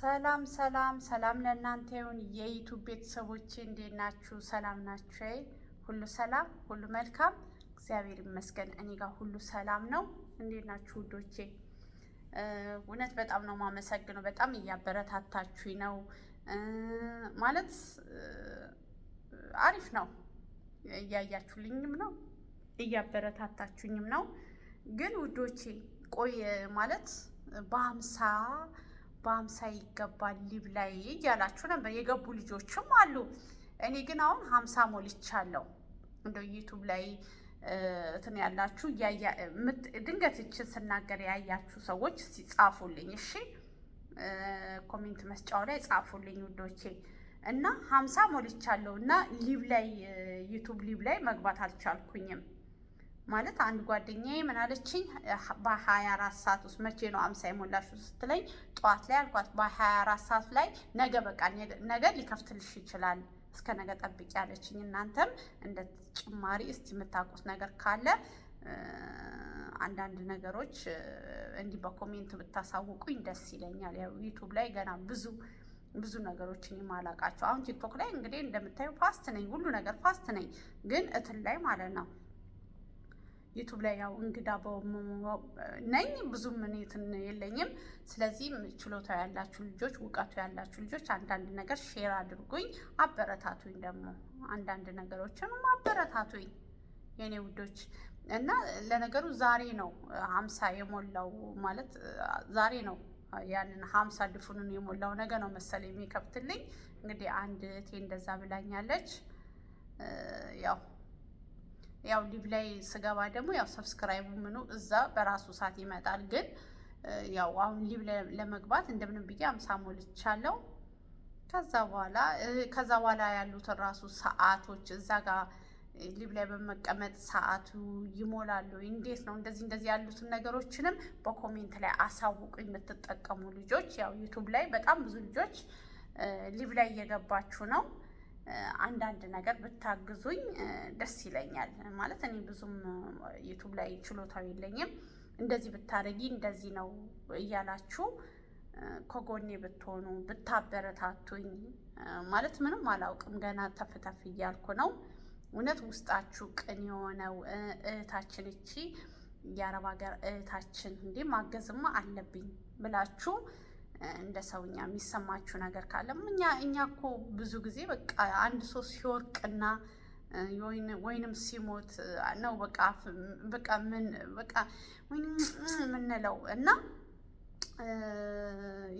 ሰላም ሰላም ሰላም ለእናንተ ይሁን የዩቱብ ቤተሰቦቼ፣ እንዴት ናችሁ? ሰላም ናችሁ? ሁሉ ሰላም፣ ሁሉ መልካም፣ እግዚአብሔር ይመስገን። እኔ ጋር ሁሉ ሰላም ነው። እንዴት ናችሁ ውዶቼ? እውነት በጣም ነው ማመሰግነው። በጣም እያበረታታችሁኝ ነው። ማለት አሪፍ ነው። እያያችሁልኝም ነው፣ እያበረታታችሁኝም ነው። ግን ውዶቼ ቆይ ማለት በሀምሳ በአምሳ ይገባል ሊብ ላይ እያላችሁ ነበር የገቡ ልጆችም አሉ። እኔ ግን አሁን ሀምሳ ሞልቻለሁ። እንደ ዩቱብ ላይ እንትን ያላችሁ ድንገት ይችን ስናገር ያያችሁ ሰዎች ጻፉልኝ፣ እሺ ኮሜንት መስጫው ላይ ጻፉልኝ ውዶቼ። እና ሀምሳ ሞልቻለሁ እና ሊብ ላይ ዩቱብ ሊብ ላይ መግባት አልቻልኩኝም። ማለት አንድ ጓደኛዬ ምን አለችኝ፣ በ24 ሰዓት ውስጥ መቼ ነው አምሳ የሞላሽው ስትለኝ ጠዋት ላይ አልኳት። በ24 ሰዓት ላይ ነገ በቃ ነገ ሊከፍትልሽ ይችላል እስከ ነገ ጠብቂ ያለችኝ። እናንተም እንደ ጭማሪ እስቲ የምታውቁት ነገር ካለ አንዳንድ ነገሮች እንዲህ በኮሜንት ብታሳውቁኝ ደስ ይለኛል። ያው ዩቱብ ላይ ገና ብዙ ብዙ ነገሮችን የማላውቃቸው አሁን ቲክቶክ ላይ እንግዲህ እንደምታዩ ፋስት ነኝ፣ ሁሉ ነገር ፋስት ነኝ። ግን እትል ላይ ማለት ነው ዩቱብ ላይ ያው እንግዳ ነኝ ብዙም ምኔትን የለኝም። ስለዚህ ችሎታ ያላችሁ ልጆች፣ እውቀቱ ያላችሁ ልጆች አንዳንድ ነገር ሼር አድርጉኝ፣ አበረታቱኝ። ደግሞ አንዳንድ ነገሮችንም አበረታቱኝ የኔ ውዶች እና ለነገሩ ዛሬ ነው ሀምሳ የሞላው ማለት ዛሬ ነው ያንን ሀምሳ ድፉንን የሞላው ነገ ነው መሰል የሚከብትልኝ። እንግዲህ አንድ እህቴ እንደዛ ብላኛለች ያው ያው ሊቭ ላይ ስገባ ደግሞ ያው ሰብስክራይቡ ምኑ እዛ በራሱ ሰዓት ይመጣል። ግን ያው አሁን ሊቭ ለመግባት እንደምንም ብዬ አምሳ ሞልቻለሁ። ከዛ በኋላ ከዛ በኋላ ያሉትን ራሱ ሰዓቶች እዛ ጋር ሊብ ላይ በመቀመጥ ሰዓቱ ይሞላሉ። እንዴት ነው እንደዚህ እንደዚህ ያሉትን ነገሮችንም በኮሜንት ላይ አሳውቁ። የምትጠቀሙ ልጆች ያው ዩቱብ ላይ በጣም ብዙ ልጆች ሊብ ላይ እየገባችሁ ነው። አንዳንድ ነገር ብታግዙኝ ደስ ይለኛል። ማለት እኔ ብዙም ዩቱብ ላይ ችሎታው የለኝም። እንደዚህ ብታደርጊ እንደዚህ ነው እያላችሁ ከጎኔ ብትሆኑ ብታበረታቱኝ። ማለት ምንም አላውቅም፣ ገና ተፍ ተፍ እያልኩ ነው። እውነት ውስጣችሁ ቅን የሆነው እህታችን እቺ የአረብ ሀገር እህታችን እንዲህ ማገዝማ አለብኝ ብላችሁ እንደ ሰው እኛ የሚሰማችሁ ነገር ካለ እኛ እኛ እኮ ብዙ ጊዜ በቃ አንድ ሰው ሲወርቅና ወይንም ሲሞት ነው በቃ በቃ ምን በቃ የምንለው እና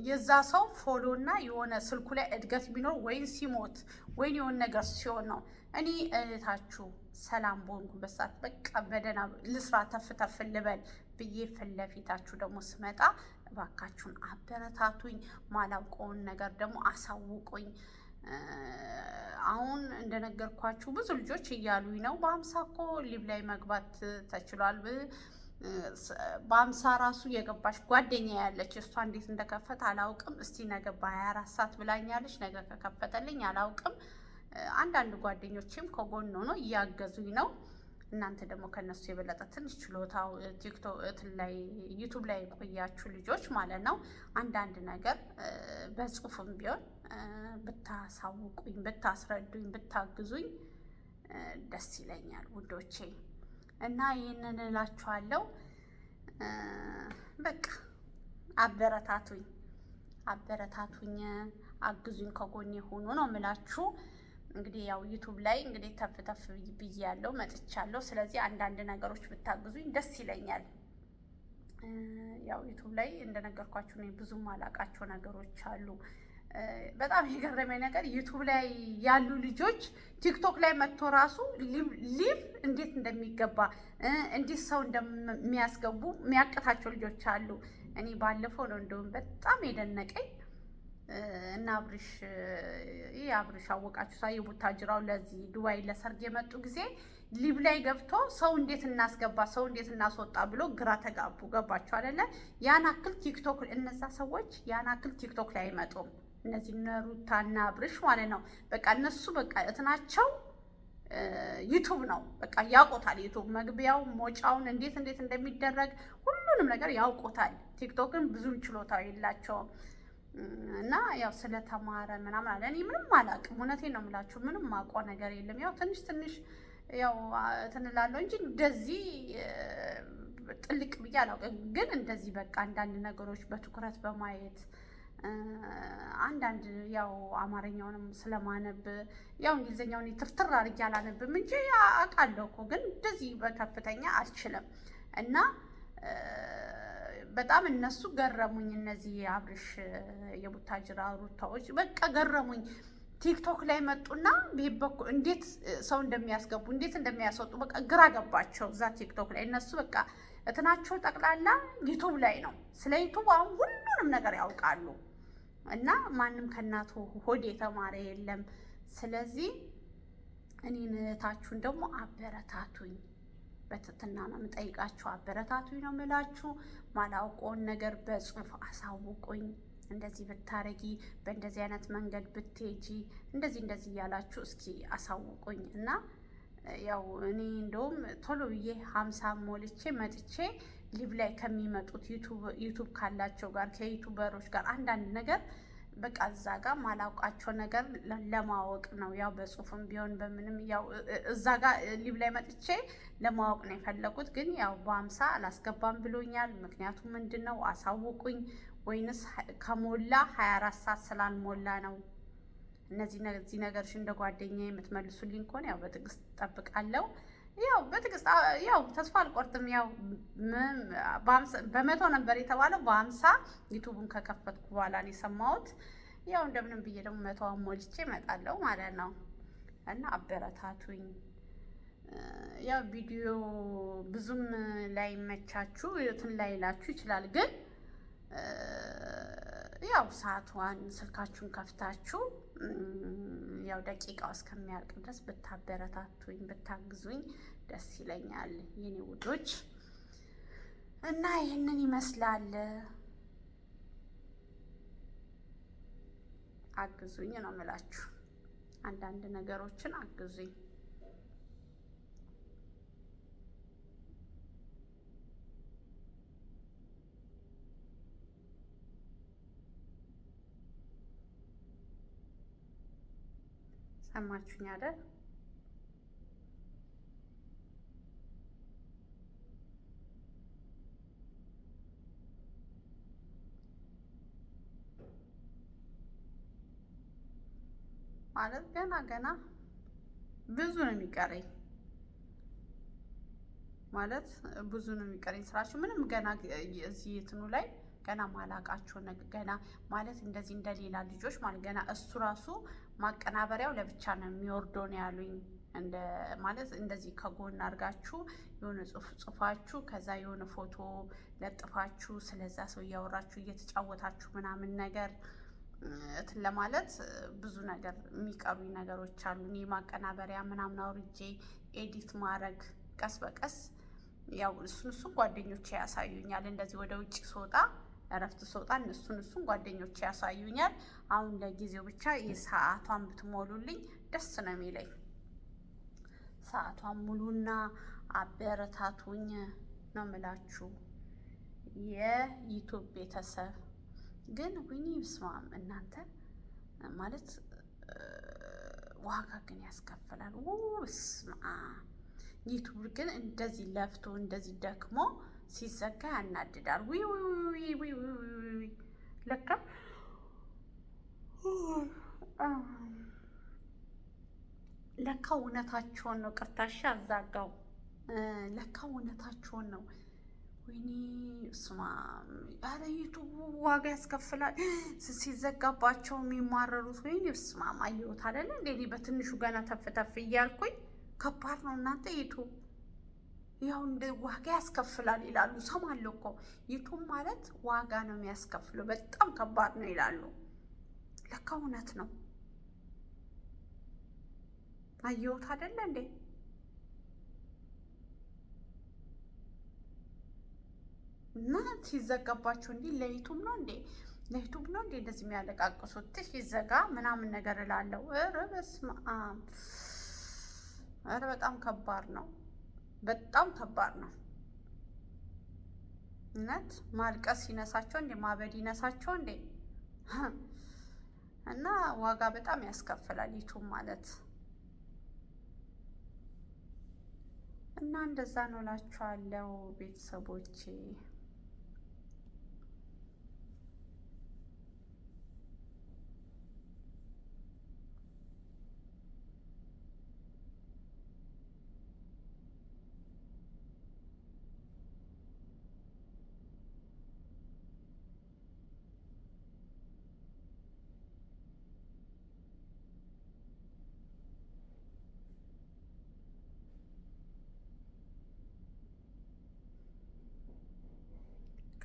የዛ ሰው ፎሎ እና የሆነ ስልኩ ላይ እድገት ቢኖር ወይን ሲሞት ወይን የሆነ ነገር ሲሆን ነው። እኔ እህታችሁ ሰላም በሆንኩበት ሰዓት በቃ በደህና ልስራ ተፍ ተፍ ልበል ብዬ ፊት ለፊታችሁ ደግሞ ስመጣ እባካችሁን አበረታቱኝ። ማላውቀውን ነገር ደግሞ አሳውቁኝ። አሁን እንደነገርኳችሁ ብዙ ልጆች እያሉኝ ነው በአምሳ እኮ ሊብ ላይ መግባት ተችሏል። በአምሳ ራሱ የገባች ጓደኛ ያለች እሷ እንዴት እንደከፈት አላውቅም። እስቲ ነገ በሀያ አራት ሰዓት ብላኛለች። ነገ ከከፈተልኝ አላውቅም። አንዳንድ ጓደኞችም ከጎን ሆኖ እያገዙኝ ነው። እናንተ ደግሞ ከነሱ የበለጠ ትንሽ ችሎታው ቲክቶክ ላይ ዩቱብ ላይ የቆያችሁ ልጆች ማለት ነው። አንዳንድ ነገር በጽሁፍም ቢሆን ብታሳውቁኝ፣ ብታስረዱኝ፣ ብታግዙኝ ደስ ይለኛል ውዶቼ እና ይህንን እላችኋለሁ። በቃ አበረታቱኝ፣ አበረታቱኝ፣ አግዙኝ፣ ከጎኔ ሆኑ ነው የምላችሁ። እንግዲህ ያው ዩቱብ ላይ እንግዲህ ተፍ ተፍ ብዬ ያለው መጥቻለሁ። ስለዚህ አንዳንድ ነገሮች ብታግዙኝ ደስ ይለኛል። ያው ዩቱብ ላይ እንደነገርኳችሁ እኔ ብዙም አላቃቸው ነገሮች አሉ። በጣም የገረመኝ ነገር ዩቱብ ላይ ያሉ ልጆች ቲክቶክ ላይ መጥቶ ራሱ ሊቭ እንዴት እንደሚገባ እንዴት ሰው እንደሚያስገቡ የሚያቅታቸው ልጆች አሉ። እኔ ባለፈው ነው እንደውም በጣም የደነቀኝ እና አብርሽ ይህ አብርሽ አወቃችሁ ሳ የቡታጅራው ለዚህ ዱባይ ለሰርግ የመጡ ጊዜ ሊብ ላይ ገብቶ ሰው እንዴት እናስገባ ሰው እንዴት እናስወጣ ብሎ ግራ ተጋቡ። ገባችሁ አይደለ? ያን አክል ቲክቶክ እነዛ ሰዎች ያን አክል ቲክቶክ ላይ አይመጡም። እነዚህ ነሩታና አብርሽ ማለት ነው። በቃ እነሱ በቃ እትናቸው ዩቱብ ነው በቃ ያውቆታል። ዩቱብ መግቢያው ሞጫውን እንዴት እንዴት እንደሚደረግ ሁሉንም ነገር ያውቆታል። ቲክቶክን ብዙም ችሎታ የላቸውም። እና ያው ስለተማረ ምናምን አለ። እኔ ምንም አላውቅም፣ እውነቴን ነው የምላችሁ። ምንም አውቀው ነገር የለም። ያው ትንሽ ትንሽ ያው ትንላለው እንጂ እንደዚህ ጥልቅ ብዬ አላውቅም። ግን እንደዚህ በቃ አንዳንድ ነገሮች በትኩረት በማየት አንዳንድ ያው አማርኛውንም ስለማነብ ያው እንግሊዝኛውን ትርትር አድርጌ አላነብም እንጂ አውቃለሁ እኮ ግን እንደዚህ በከፍተኛ አልችልም እና በጣም እነሱ ገረሙኝ። እነዚህ የአብርሽ የቡታጅራ ሩታዎች በቃ ገረሙኝ። ቲክቶክ ላይ መጡና በኩ እንዴት ሰው እንደሚያስገቡ እንዴት እንደሚያስወጡ በቃ ግራ ገባቸው። እዛ ቲክቶክ ላይ እነሱ በቃ እትናቸው ጠቅላላ ዩቱብ ላይ ነው። ስለ ዩቱብ አሁን ሁሉንም ነገር ያውቃሉ። እና ማንም ከእናቱ ሆድ የተማረ የለም። ስለዚህ እኔ እህታችሁን ደግሞ አበረታቱኝ። በትትና ነው የምጠይቃችሁ። አበረታቱኝ ነው የምላችሁ። ማላውቀውን ነገር በጽሁፍ አሳውቁኝ። እንደዚህ ብታረጊ፣ በእንደዚህ አይነት መንገድ ብትሄጂ፣ እንደዚህ እንደዚህ እያላችሁ እስኪ አሳውቁኝ እና ያው እኔ እንደውም ቶሎ ብዬ ሀምሳ ሞልቼ መጥቼ ሊብ ላይ ከሚመጡት ዩቱብ ካላቸው ጋር ከዩቱበሮች ጋር አንዳንድ ነገር በቃ እዛ ጋ ማላውቃቸው ነገር ለማወቅ ነው። ያው በጽሁፍም ቢሆን በምንም ያው እዛ ጋ ሊብ ላይ መጥቼ ለማወቅ ነው የፈለጉት። ግን ያው በአምሳ አላስገባም ብሎኛል። ምክንያቱም ምንድን ነው አሳውቁኝ፣ ወይንስ ከሞላ ሀያ አራት ሰዓት ስላልሞላ ነው። እነዚህ ነገሮች እንደ ጓደኛ የምትመልሱልኝ ከሆነ ያው በትዕግስት እጠብቃለሁ። ያው በትዕግስት ያው ተስፋ አልቆርጥም። ያው በመቶ ነበር የተባለው በአምሳ ዩቱቡን ከከፈትኩ በኋላ ነው የሰማሁት። ያው እንደምንም ብዬ ደግሞ መቶ ሞልቼ እመጣለሁ ማለት ነው። እና አበረታቱኝ። ያው ቪዲዮ ብዙም ላይ መቻችሁ ላይመቻችሁ ላይ ላችሁ ይችላል። ግን ያው ሰዓቷን ስልካችሁን ከፍታችሁ ያው ደቂቃው እስከሚያልቅ ድረስ ብታበረታቱኝ ብታግዙኝ ደስ ይለኛል የኔ ውዶች። እና ይህንን ይመስላል። አግዙኝ ነው የምላችሁ። አንዳንድ ነገሮችን አግዙኝ። ሰማችሁኝ አይደል? ማለት ገና ገና ብዙ ነው የሚቀረኝ። ማለት ብዙ ነው የሚቀረኝ ስራችሁ ምንም ገና እዚህ የትኑ ላይ ገና ማላቃቸው ገና ማለት እንደዚህ እንደሌላ ልጆች ማለት ገና እሱ ራሱ ማቀናበሪያው ለብቻ ነው የሚወርደው ነው ያሉኝ። ማለት እንደዚህ ከጎን አድርጋችሁ የሆነ ጽሁፍ ጽፋችሁ ከዛ የሆነ ፎቶ ለጥፋችሁ ስለዛ ሰው እያወራችሁ እየተጫወታችሁ ምናምን ነገር እትን ለማለት ብዙ ነገር የሚቀሩ ነገሮች አሉ። እኔ ማቀናበሪያ ምናምን አውርጄ ኤዲት ማድረግ ቀስ በቀስ ያው እሱን እሱን ጓደኞቼ ያሳዩኛል። እንደዚህ ወደ ውጭ ስወጣ እረፍት ስወጣ እነሱን እሱን ጓደኞች ያሳዩኛል። አሁን ለጊዜው ብቻ የሰዓቷን ብትሞሉልኝ ደስ ነው የሚለኝ። ሰዓቷን ሙሉና አበረታቱኝ ነው ምላችሁ። የዩቱብ ቤተሰብ ግን ዊኒ ብስማም እናንተ ማለት ዋጋ ግን ያስከፍላል። ውስማ ዩቱብ ግን እንደዚህ ለፍቶ እንደዚህ ደክሞ ሲዘጋ ያናድዳል። ለካ ለካ እውነታቸውን ነው። ቅርታሽ አዛጋው ለካ እውነታቸውን ነው። ወይኔ ስማ፣ ኧረ ዩቱቡ ዋጋ ያስከፍላል። ሲዘጋባቸው የሚማረሩት ወይኔ ስማ፣ ማየሁት አይደለ እንዴ? በትንሹ ገና ተፍተፍ እያልኩኝ ከባድ ነው እናንተ ዩቱብ ያው ዋጋ ያስከፍላል ይላሉ። ሰማለሁ እኮ ዩቱብ ማለት ዋጋ ነው የሚያስከፍለው፣ በጣም ከባድ ነው ይላሉ። ለካ እውነት ነው። አየሁት አይደለ እንዴ? እና ሲዘጋባቸው እንዲህ ለዩቱብ ነው እንዴ ለዩቱብ ነው እንዴ እንደዚህ የሚያለቃቅሱት? ትሽ ይዘጋ ምናምን ነገር እላለሁ። ኧረ በስመ አብ! ኧረ በጣም ከባድ ነው። በጣም ከባድ ነው። እውነት ማልቀስ ይነሳቸው እንዴ? ማበድ ይነሳቸው እንዴ? እና ዋጋ በጣም ያስከፍላል ዩቱብ ማለት እና እንደዛ ነው እላችኋለሁ ቤተሰቦቼ።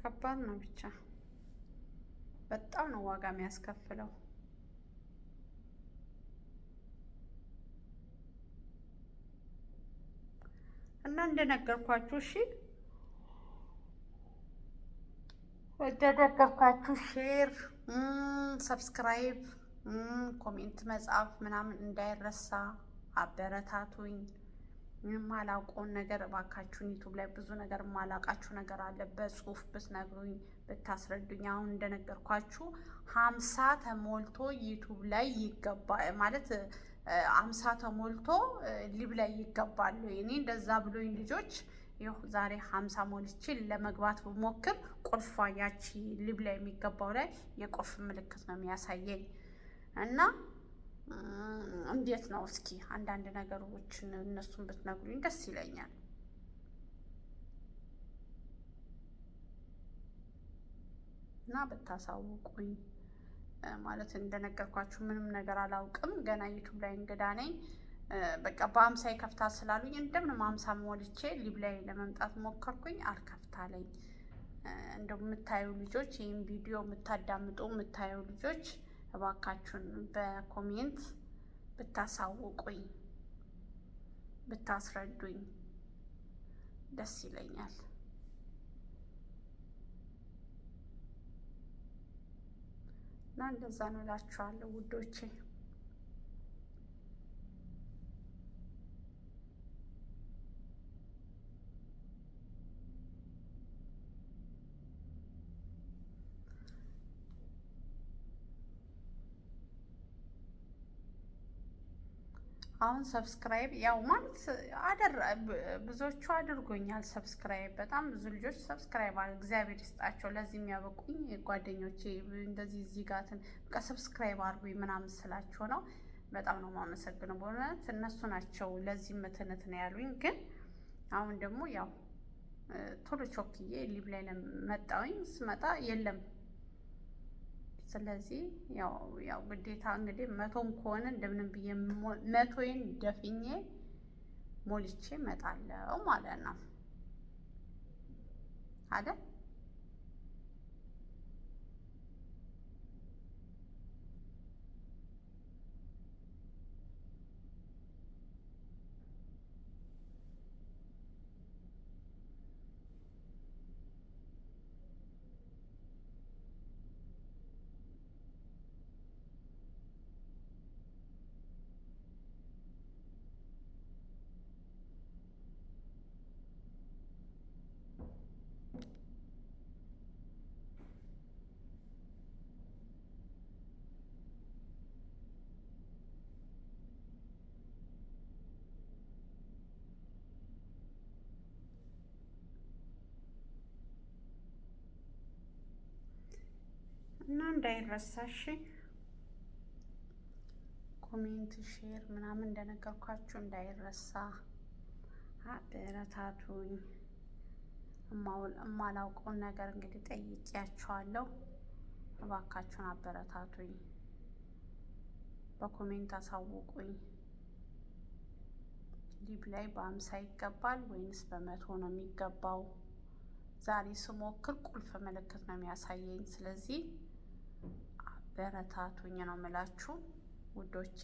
ከባድ ነው። ብቻ በጣም ነው ዋጋ የሚያስከፍለው። እና እንደነገርኳችሁ እሺ እንደነገርኳችሁ ሼር፣ ሰብስክራይብ፣ ኮሜንት መጻፍ ምናምን እንዳይረሳ አበረታቱኝ። የማላውቀውን ነገር እባካችሁን ዩቱብ ላይ ብዙ ነገር የማላውቃችሁ ነገር አለ። በጽሁፍ ብትነግሩኝ ብታስረዱኝ። አሁን እንደነገርኳችሁ ሀምሳ ተሞልቶ ዩቱብ ላይ ይገባ ማለት አምሳ ተሞልቶ ሊብ ላይ ይገባሉ። እኔ እንደዛ ብሎኝ ልጆች ይሁ ዛሬ ሀምሳ ሞልቼ ለመግባት ብሞክር ቁልፏ ያቺ ሊብ ላይ የሚገባው ላይ የቁልፍ ምልክት ነው የሚያሳየኝ እና እንዴት ነው እስኪ አንዳንድ ነገሮችን እነሱን ብትነግሩኝ ደስ ይለኛል። እና ብታሳውቁኝ ማለት እንደነገርኳችሁ ምንም ነገር አላውቅም። ገና ዩቱብ ላይ እንግዳ ነኝ። በቃ በአምሳ ከፍታ ስላሉኝ እንደምንም አምሳ ሞልቼ ሊብ ላይ ለመምጣት ሞከርኩኝ። አልከፍታለኝ ላይ እንደው የምታዩ ልጆች ይህም ቪዲዮ የምታዳምጡ የምታዩ ልጆች እባካችሁን በኮሜንት ብታሳውቁኝ ብታስረዱኝ ደስ ይለኛል። እና እንደዛ ነው እላችኋለሁ ውዶቼ። አሁን ሰብስክራይብ ያው ማለት አደራ ብዙዎቹ አድርጎኛል። ሰብስክራይብ በጣም ብዙ ልጆች ሰብስክራይብ አለ እግዚአብሔር ይስጣቸው። ለዚህ የሚያበቁኝ ጓደኞቼ እንደዚህ እዚህ ጋትን በቃ ሰብስክራይብ አድርጉ ምናምን ስላቸው ነው። በጣም ነው የማመሰግነው በእውነት እነሱ ናቸው ለዚህ ምትነት ነው ያሉኝ። ግን አሁን ደግሞ ያው ቶሎ ቾክዬ ሊብ ላይ መጣውኝ ስመጣ የለም ስለዚህ ያው ያው ግዴታ እንግዲህ መቶም ከሆነ እንደምንም ብዬ መቶዬን ደፍኜ ሞልቼ እመጣለሁ ማለት ነው አይደል? እና እንዳይረሳሽ ኮሜንት፣ ሼር ምናምን እንደነገርኳችሁ እንዳይረሳ አበረታቱኝ። እማላውቀውን ነገር እንግዲህ ጠይቄያቸዋለሁ። እባካችሁን አበረታቱኝ፣ በኮሜንት አሳውቁኝ። ሊብ ላይ በአምሳ ይገባል ወይንስ በመቶ ነው የሚገባው? ዛሬ ስሞክር ቁልፍ ምልክት ነው የሚያሳየኝ። ስለዚህ አበረታቱኝ ነው የምላችሁ ውዶቼ።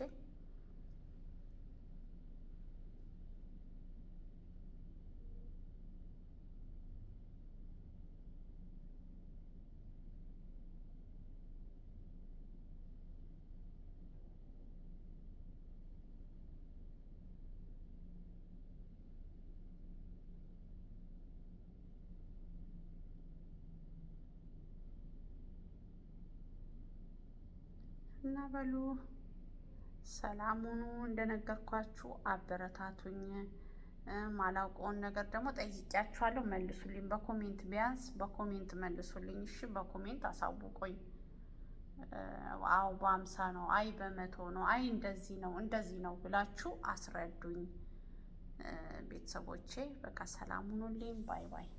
እና በሉ ሰላሙኑ እንደነገርኳችሁ አበረታቱኝ። ማላውቀውን ነገር ደግሞ ጠይቂያችኋለሁ፣ መልሱልኝ። በኮሜንት ቢያንስ በኮሜንት መልሱልኝ። እሺ፣ በኮሜንት አሳውቆኝ። አዎ በአምሳ ነው፣ አይ በመቶ ነው፣ አይ እንደዚህ ነው እንደዚህ ነው ብላችሁ አስረዱኝ ቤተሰቦቼ። በቃ ሰላም ሁኑልኝ። ባይ ባይ